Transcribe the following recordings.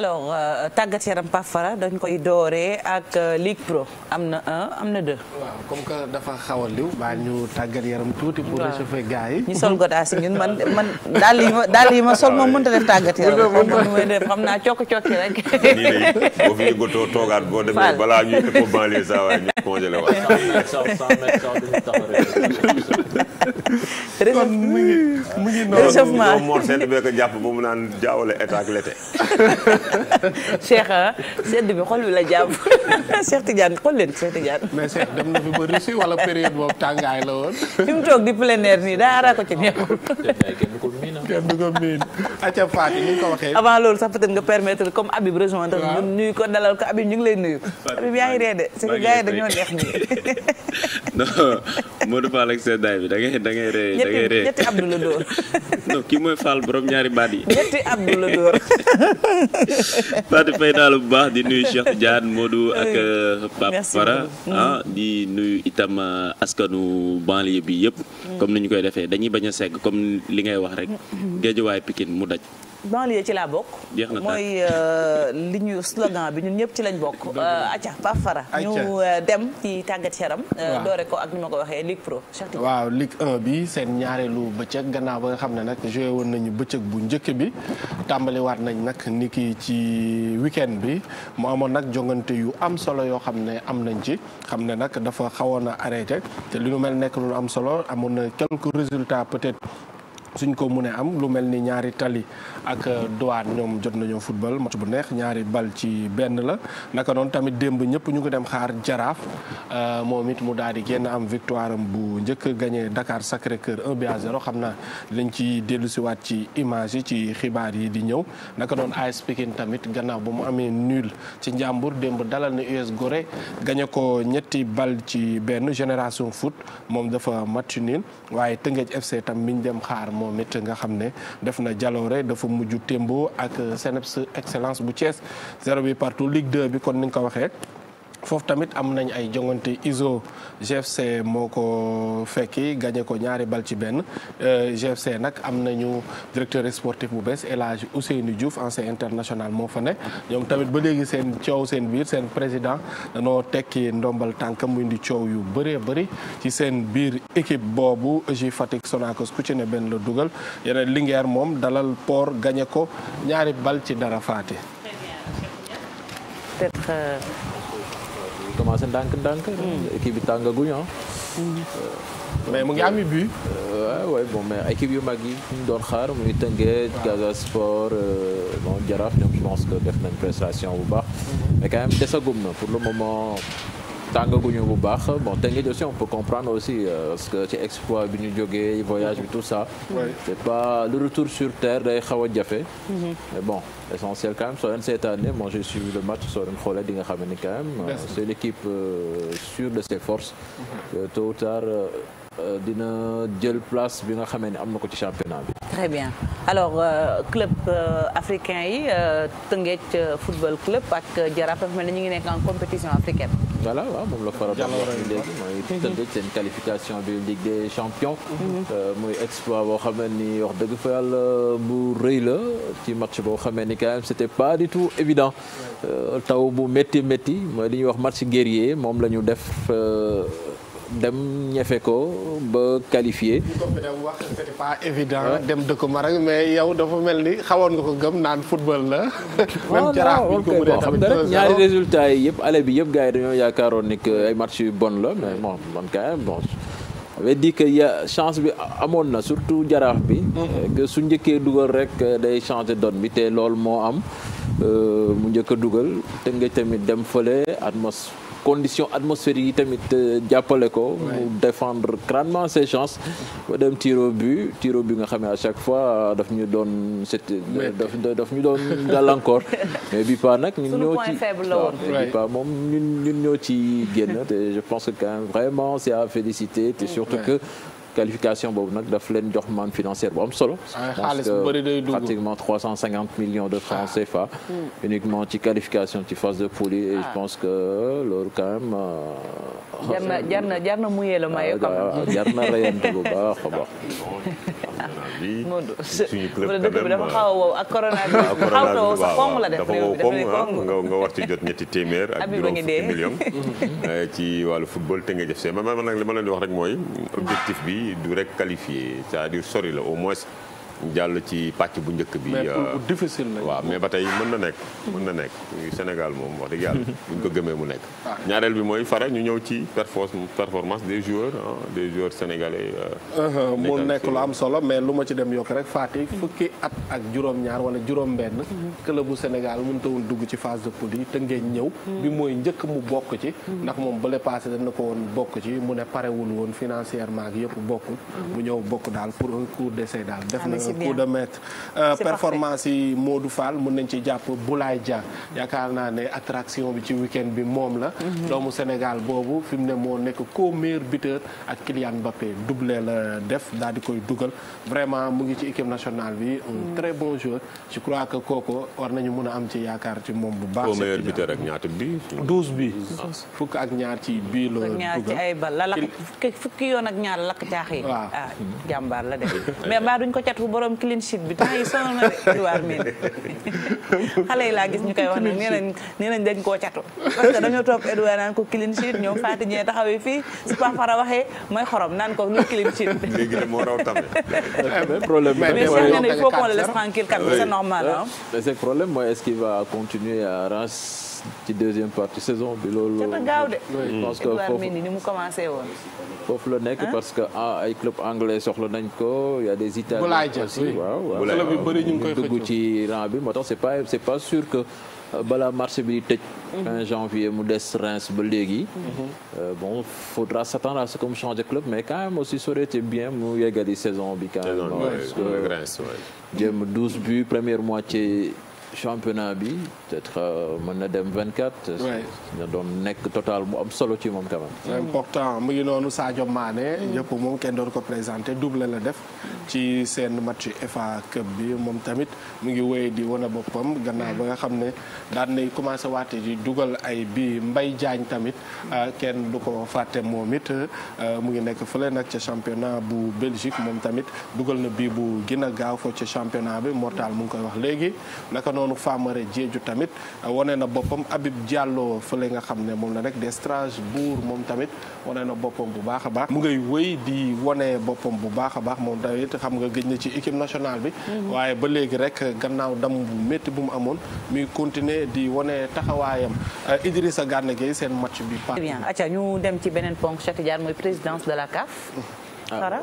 alors euh, tàggat yaram Pafara dañ koy dooree ak euh, Ligue Pro am na un am na deux. waaw comme que dafa xaw a liw baa ñu tàggat yaram tuuti. pour réchauffer gars yi. ñu sol godaas ñun man man daal yi ma daal yi def tàggat yaram. xam naa cokk cokki rek. boo fi yëngatoo toogaat boo demee balaa ñuy éco banlieue saa waay ñu congelé waat. kon mu ngi mu ngi noonu réchauffement Mor sedd bee ko jàpp ba mu naan jaawale état ak l'été. Cheikh ah sedd bi xol bi la jàpp Cheikh Tidiane xol leen Cheikh Tidiane. mais Cheikh dem na fi ba Russie wala période boobu tàngaay la woon. fi mu toog di plein nii daa ko ci neexul. kenn du ko miin. acca nga permettre comme Habib rejoindre. waaw ko dalal ko Habib ñu ngi lay nuyu. Habib yaa ngi bi da da da ngay ree kii mooy Fall boroom ñaari baat yi. ñetti Abdou la Dóor. Fatou fay naa bu baax di nuyu Cheikh Diane Modou ak euh, Pape Fara mm-hmm. ah, di nuyu itam euh, askanu banlieue bi yëpp. Mm. comme ni ñu koy defee dañuy bañ a segg comme li ngay wax rek. Mm. géejuwaay Pikine mu daj. banlieue ci laa bokk. jeex na mooy euh, li slogan bi ñun ñëpp ci lañ bokk. acca euh, Pape Fara ñu euh, dem ci tàggat yaram. doore ko ak ni ma ko waxee Ligue Pro. waaw Ligue bi seen ñaareelu bëccëg gannaaw ba nga xam ne nag joué woon nañu bëccëg bu njëkk bi tàmbaliwaat nañ nag niki ci weekend bi mu amoon nag jongante yu am solo yoo xam ne am nañ ci xam ne nag dafa xawoon a arrêté te li nu mel nekk lu am solo amoon na quelques résultats peut suñ ko mënee am lu mel ni ñaari tali ak euh, douane ñoom jot nañu football match bu neex ñaari ball ci benn la naka noonu tamit demb ñëpp ñu ngi dem xaar jaraaf euh, moom it mu daal di génn am victoire am bu njëkk gañee Dakar Sacré Cœur 1 bi à xam na dinañ ci dellusiwaat ci image ci xibaar yi di ñëw naka noonu AS Pikine tamit gannaaw ba mu amee nul ci njàmbur démb dalal na US Gorée gagné ko ñetti bal ci benn génération foot moom dafa match nul waaye Tëngéej miñ dem xaar. moom it nga xam ne def na jaloore dafa mujj témboo ak CNEPS excellence bu cees 0 bi partout Ligue 2 bi kon ni nga ko waxee foofu tamit am nañ ay jongante ISO GFC moo ko fekki gagné ko ñaari bal ci benn euh, GFC nag am nañu directeur sportif bu bees El Hadj Ousseynou Diouf ancien international moo fa ne ñoom tamit ba léegi seen coow seen biir seen président danoo tekki ndombal tànk mu indi coow yu bëree bëri ci seen biir équipe boobu EJ Fatick Sonacos ku ci benn la dugal yeneen Linguère moom dalal port gagné ko ñaari bal ci dara faate commencé ndànk ndànk. équipe bi tàngaguñ ah. mais mu ngi am bi waaw waaw bon mais équipe yu mag yi ñu doon xaar mu Tëngéej. waaw ah. Casa Sport eh, Jaraaf ñoom je pense que def nañ prestation bu baax. Hmm. mais quand même desagum na tàngaguñu bu baax bon Teungueth aussi on peut comprendre aussi euh, parce que ci exploit bi ñu jógee voyage bi tout ça. c'est pas le retour sur terre day xaw a jafe. Mhm. bon essentiel quand même soo leen seetaanee moi j'ai suivi le match soo leen xoolee di nga xam ne quand même. Euh, c'est l'équipe euh, sûre de ses forces. Mhm. tôt ou tard dina jël place bi nga xamee am na ko ci championnat bi. très bien alors euh, club euh, africain yi euh, Teungueth football club ak Jaraaf dafa mel ni ñu ngi nekk en compétition africaine. voilà waaw moom la Fara doon wax léegi mooy tënk seen qualification bi Ligue des champions muy mhm. euh, exploit boo xamee ni wax dëgg fa yàlla bu rëy la ci match boo xamee ni quand même c'était pas du tout évident euh, taw bu métti métti mooy li ñuy wax match guerrier moom la ñu def euh, dem ñefe ko ba qualifié. ko dem wax c'était pas évident. mais yow dafa mel ni xawoon nga ko gëm naan football la. même jaraaf bi xam nga rek ñaari résultat yi yëpp aller bi yëpp gars yi dañoo yaakaaroon ni que ay match yu bon la mais bon man kay bon. avait dit que ya chance bi amoon na surtout jaraaf bi. Mhm. su njëkkee dugal rek day changer done bi te loolu moo am euh, mu njëkk dugal te nga tamit dem fële atmos. conditions atmosphériques yi tamit euh, jàppale ko. mu défendre grandement ses chances. ba dem tir au but tir nga xam à chaque fois euh, daf ñu doon c'était euh, daf ñu doon gàllankoor mais bi pas nag ñun ñoo ci bi pas moom ñun ñun ñoo génn je pense que vraiment c'est à féliciter te surtout que. qualification boobu nag daf leen jox manne financière bu solo. xaalis bu bëri day dugg pratiquement 350 de francs ah. CFA. Hmm. uniquement ci qualification ci phase de poule yi. je ah. pense que loolu quand même. Euh, jar na maye quand même. jar na rayante bu baax a baax. a wow ak coronavirus bi xaw a wow sa la def. réew mi dafa ci jot ñetti téeméer ak juróom fukki millions. Eh, ci wàllu football te nga jëf see man man nag li ma leen wax rek mooy objectif bi. bi du rek qualifié c'est-à-dire sori la au moins jàll ci pàcc bu njëkk bi. mais pour euh, difficile nag waaw mais ba tey mën na nekk. mën na nekk Sénégal moom wax dëgg yàlla. bu ko gëmee mu nekk. Ah. ñaareel bi mooy fare ñu ñëw ci performance des joueurs des joueurs sénégalais. Euh, uh-huh, mu nekk lu am solo mais lu ma ci dem yokk rek Fatick mm-hmm. fukki at ak juróom-ñaar wala juróom-benn. Mm-hmm. club bu Sénégal mënutawul dugg ci phase de poule yi te ngeen ñëw. Mm-hmm. bi mooy njëkk mu bokk ci. ndax moom bële passé dañ na ko woon bokk ci mu ne parewul woon financièrement ak yëpp bokkul. mu ñëw bokk daal pour un court coup de maître euh, performance yi Modou Fall mun nañ ci jàpp Boulaye Dia yaakaar naa ne attraction bi ci week-end bi moom la mhm. doomu Sénégal boobu fi mu ne moo nekk ko meilleur buteur ak Kylian Mbappé doublé la def daal di koy dugal vraiment mu ngi ci équipe nationale bi un mhm. très bon joueur que kooku war nañu mun a am ci yaakaar ci moom bu baax. meilleur buteur ak ñaata bi douze bi ah. fukk ak ñaar ci bii la dugal fukk bal la lakk yoon ak ñaar lakk caax yi waaw ah, jàmbaar la def mais ba duñ ko catu borom clean sheet bi temps yi sonal na de Edouard Mendy xale yi laa gis ñu koy wax nag nee nañ nee nañ dañ koo catu parce que dañoo topp Edouard naan ko clean sheet ñoom Fatou Ndiaye taxawee fii su Pape Fara waxee mooy xorom naan ko lu clean sheet. léegi nag moo raw tamit. Ah, problème bi mais xam nga ne il faut qu'on le laisse tranquille kat c'est normal ah. mais c'est problème mooy est-ce qu'il va continuer à ci deuxième partie saison bi loolu. ca la mm. parce que foofu ni mu parce que ah, ay club anglais soxla nañ ko y a des italiens aussi waaw waaw club yu bëri ñu ngi koy ci rang bi moo tax c'est pas sûr que. Euh, balaa marché bi tëj. Mm-hmm. fin janvier mu des Reims ba léegi. Mm-hmm. Euh, bon faudra s'attendre à que mu change de club mais quand même aussi ça aurait été bien saison bi. quand même parce que jéem 12 buts championnat bi peut euh, mën na dem 24. oui na doon nekk total bu am solo ci moom quand même. ngi noonu Sadio Mané. ñëpp mm. moom kenn doon ko présenté double la def. ci seen match FA Cup bi moom tamit mu ngi wéy di wane boppam gannaaw ba nga xam ne daan nay commencé waate di dugal ay bi mbay Diagne tamit euh, kenn du ko fàtte moom it euh, mu ngi nekk fële nag ca championnat bu Belgique moom tamit dugal na bii bu gën a gaaw foofu ca championnat bi Mortal mu ngi koy wax léegi naka noonu Famara jéeju tamit euh, wane na boppam jàlloo Diallo fële nga xam ne moom la rek de Strasbourg moom tamit wane na boppam bu baax a baax mu ngay wëy di wane boppam bu baax a baax moom tamit xam nga gëj na ci équipe nationale bi mhm. waaye ba léegi rek gannaaw dam bu métti bu mu amoon muy continuer di wane taxawaayam euh, Idrissa Gana Gueye seen match bi pa bien acca ñu dem ci beneen ponk Cheikh Tidiane mooy présidence de la CAF mhm. xara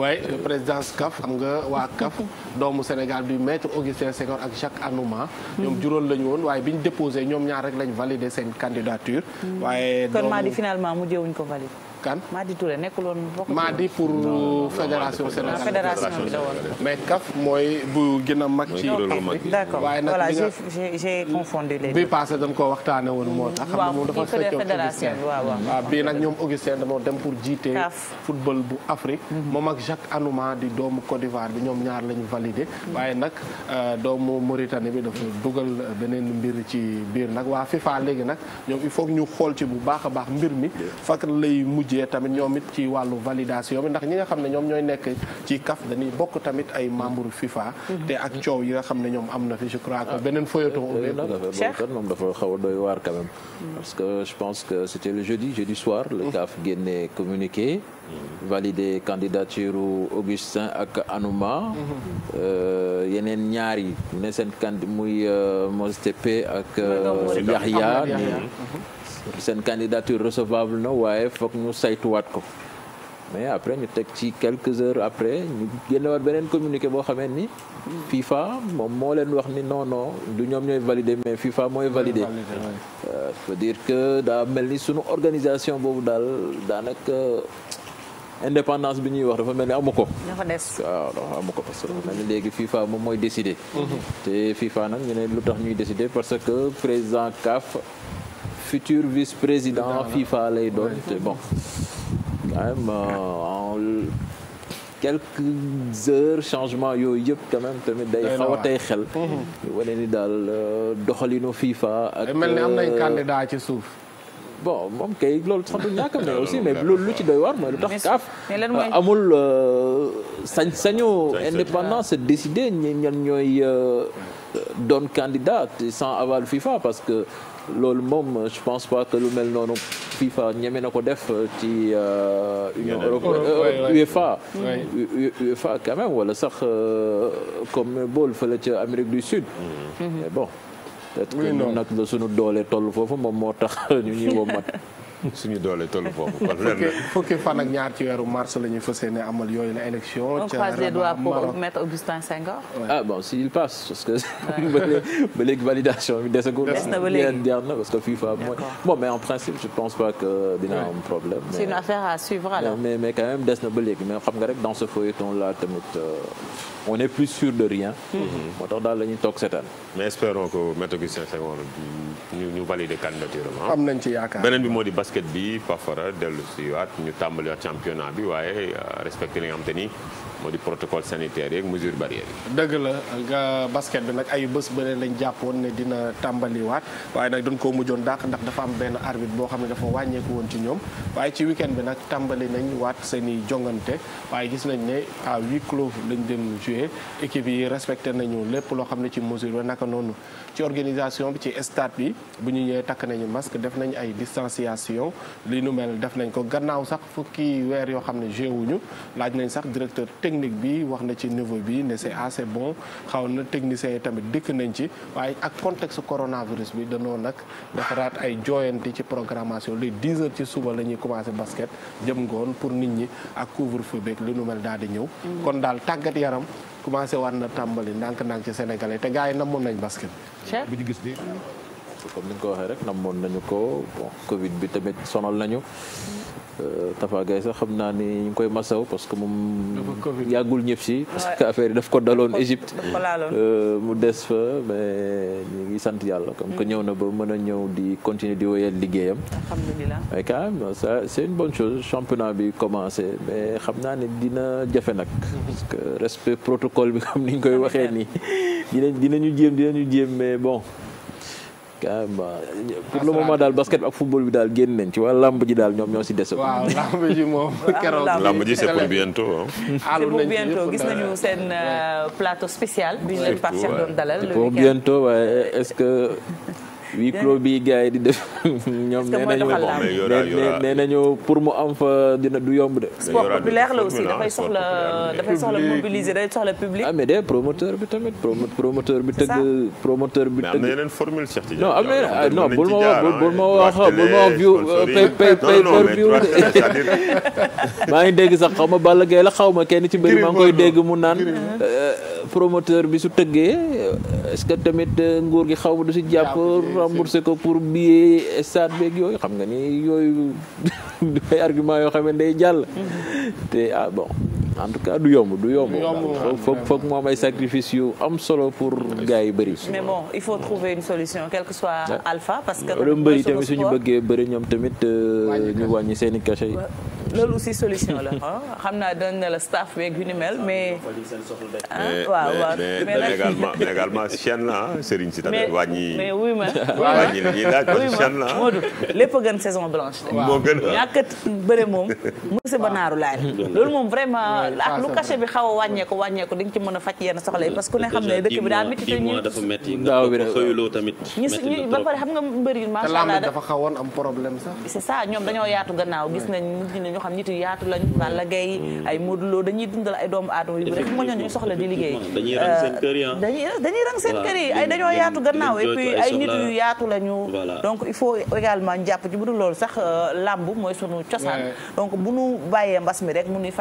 waay ah, présidence CAF am nga waa CAF doomu Sénégal bi maître Augustin Senghor ak Jacques Anouma ñoom juróom la ñu woon waaye bi ñu déposé ñoom ñaar rek lañ validé seen candidature hmm. waaye kon maa di finalement mu jëwuñ ko validé kan. Madi Touré nekkul woon bokkul Madi pour fédération sénégalaise fédération bi la woon. mais CAF mooy bu gën a mag. ci d'accord voilà bii passé dañ koo waxtaane woon moo tax. xam ne moom dafa feccoo fédération waaw waaw ah, bii nag ñoom Augustin dañoo dem football bu Afrique. Mhm. moom ak Jacques Anouma di doomu Côte d'Ivoire bi ñoom ñaar lañu validé. Mhm. waaye nag euh, doomu Mauritanie bi dafa dugal euh, beneen mbir ci biir nag waa FIFA léegi nag ñoom il faut ñu xool ci bu baax a baax mbir mi fak lay mujj budget tamit ñoom it ci wàllu validation bi ndax ñi nga xam ne ñoom ñooy nekk ci CAF dañuy bokk tamit ay membre FIFA mhm. te ak coow yi nga xam ne ñoom am na fi je crois que beneen feuilleton euh, moom dafa mhm. que je pense que c'était le jeudi jeudi soir le mhm. CAF génne communiqué validé candidature Augustin ak Anouma euh, yeneen ñaari yi ne seen kandi muy euh, Mostepe ak Yahya seen candidature recevable na waaye foog ñu saytuwaat ko mais après ñu teg ci quelques heures après ñu génnewaat beneen communiqué boo xamee ni FIFA moom moo leen wax ni no no du ñoom ñooy valider mais FIFA mooy valider euh, faut dire que daa mel ni suñu organisation boobu daal daanaka indépendance bi ñuy wax dafa mel ni amu ko. dafa waaw dafa amu ko mel ni léegi FIFA moom mooy décider. Mhm. te FIFA nag ñu lu tax ñuy décider parce que président CAF. futur vice-président FIFA lay doon te bon quand même euh, en quelques heures changement yooyu yëpp quand même tamit day xaw a tey xel mhm. wane ni daal euh, doxalinu FIFA ak mel ni am nañ euh, candidat ci suuf bon moom kay loolu sax du ñàkk ne aussi mais loolu lu ci doy waar mooy lu tax kaaf amul sañ sañu indépendance décider ñan ñooy doon candidat sans aval FIFA parce que loolu moom je pense pas que lu mel noonu FIFA ñeme na ko def ci euh, Union européenne euh, UEFA UEFA quand wala sax euh, comme bool fële ci Amérique du Sud mm. mais bon peut-être que ñun nag la sunu doole toll foofu moom moo tax ñu ñuy womat suñu doole tollu foofu. fukki mars la ñu fas yéene amal yooyu la élection. on croise les doigts pour maître Augustin Senghor. ah bon s'il passe parce que. ba validation des na ba léegi parce que FIFA mooy. bon mais en principe je pense pas que dina am problème. mais mais mais xam dans ce feuilleton là tamit. Euh, on n'est plus sûr de rien. Mm-hmm. moo tax daal la ñuy toog seetaan. mais espérons que maître Augustin Senghor ñu ñu valider candidature am. am nañ ci yaakaar basket bi Pafara dellu si waat ñu tàmbaliwaat championnat bi waaye euh, respecté li nga xam te ni moo di protocole sanitaire yeeg mesure barrière yi. dëgg la nga basket bi nag ay bés bële lañ jàppoon ne dina tàmbaliwaat waaye nag dañ koo mujjoon dàq ndax dafa am benn arbitre boo xam ne dafa wàññeeku woon ci ñoom waaye ci weekend bi nag tàmbali nañ waat seen i jongante waaye gis nañ ne à huis clos dem jouer équipe yi respecté nañu lépp loo xam ne ci mesure naka noonu ci organisation bi ci stade bi bu ñu ñëwee takk nañu masque def nañ ay distanciation lii nu mel def nañ ko gannaaw sax fukki weer yoo xam ne joué wuñu laaj nañ sax directeur technique bi wax na ci niveau bi ne c'est assez bon xaw na techniciens yi tamit dikk nañ ci waaye ak contexte coronavirus bi danoo nag defaraat ay jooyanti ci programmation li 10 heures ci suba la ñuy commencé basket jëm ngoon pour nit ñi ak couvre-feu beeg li nu mel daal di ñëw. Mm. kon daal tàggat yaram commencé war na tàmbali ndànk-ndànk ci sénégalais te gars yi namoon nañ basket. comme ni nga ko waxee rek namoon nañu ko bon Covid bi tamit sonal nañu. Euh, Tafa Gaye sax xam naa ni ñu ngi koy masaw parce que moom. yàggul ñëpp si. parce que affaire yi daf ko daloon Égypte. Euh, mu des fa mais ñu ngi sant yàlla. comme que mm. ñëw na ba mën a ñëw di continuer di wéyal liggéeyam. alhamdulilah mais quand même ça une bonne chose championnat bi commencé mais xam naa ne dina jafe nag. parce que respect protocole bi xam ni ñu koy waxee nii. dinañ dinañu jéem ñu jéem mais bon. carrément pour le moment daal basket ak football bi daal génn nañ ci wala lamb ji daal ñoom ñoo si dese. waaw lamb ji moom keroog. lamb pour bientôt. gis nañu seen euh, plateau spécial. bi ñu leen Pape dalal. pour bientôt waaye est-ce que. huis clos bi gars yi di def. ñoom nee nañu nee pour mu am fa dina du yomb de. sport populaire la aussi dafay soxla dafay soxla day soxla public. ah mais de promoteur bi tamit promoteur bi tëgg. promoteur bi tëgg mais am na yeneen formule Cheikh Tidiane. non am na ah, non bul ma wax bul ma wax bul view de. maa ngi dégg sax xaw ma Balla Gaye la xaw ma kenn ci mbir maa ngi koy dégg mu naan. promoteur bi su tëggee est-ce que tamit euh, nguur gi xaw ma du si jàpp remboursé ko pour billet stade beeg yooyu xam nga ni yooyu ay argument yoo xam ne day jàll mm-hmm. te ah bon en tout cas du yomb du yomb foog foog mu am ay sacrifice yu am solo pour gars yi bëri mais bon il faut trouver une solution quel que soit alpha parce que mbëri tamit suñu bëggee bëri ñoom tamit euh, ñu wàññi seen i cachet yi loolu aussi solution la xam naa dañ ne la staff beeg yu ni mel ah, ah, mais. waaw waaw mais mais également mais la ah Serigne si tamit wàññi. mais wuy ma wàññi li ñuy laaj kon chaîne la ah. Modou lépp gën saison blanche. waaw moo gën waaw ñàkk bëre moom. Banaaru laay loolu moom vraiment lu cachet bi xaw a wàññeeku wàññeeku di nga ci mën a faj yenn soxla yi parce que ne xam ne dëkk bi daa métti te ñu. daaw bi dafa métti ba pare xam nga mbëri macha dafa xawoon am problème sax. c'est ça ñoom dañoo yaatu gannaaw gis nañ mujj ñoo xam nit yu yaatu lañ Balla Gaye ay Modou Lo dañuy dundal ay doomu aadama yu rek moo ñooñu soxla di liggéey dañuy rang seen kër ah. euh, ay dañoo yaatu gannaaw et puis ay nit yu yaatu lañu donc il faut également jàpp ci bu dul sax euh, làmb mooy sunu cosaan donc bu nu bàyyee mbas mi rek mu nuy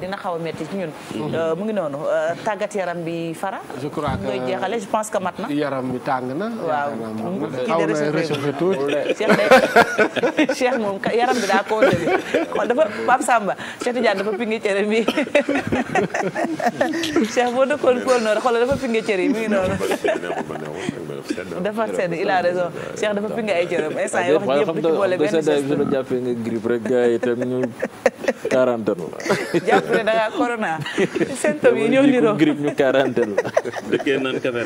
dina xaw a metti ci ñun mm-hmm. euh, mu ngi noonu tàggat yaram bi fara je crois que ngay jeexale je pense que mat na yaram bi tàng na waaw kii de réchauffé tuuti Cheikh moom yaram bi daa koo jëli Pape Samba Cheikh Tidiane dafa pinge cere bi Cheikh boo dëkkoon Kool Noor xoolal dafa pinge cere yi mi ngi dafa sedd il a raison Cheikh dafa fi nga ay sa ah, instant yi wax ji ci boole benn sedd bi nga grippe rek gars yi tam ñu quarantaine la jàpp ne da ngaa corona symptômes yi ñoo niroo grippe ñu quarantaine la dëkkee naan kafe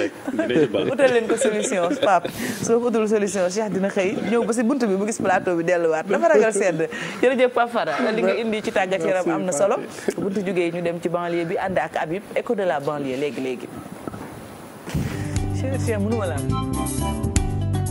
leen ko solution Pape soo ko utul solution Cheikh dina xëy ñëw ba si bunt bi bu gis plateau bi delluwaat dafa ragal sedd jërëjëf Pape Fara li nga indi ci tàggat yaram am na solo buntu jógee ñu dem ci banlieue bi ànd ak Habib écho de la banlieue léegi léegi séeréer séeréer mënu ma laal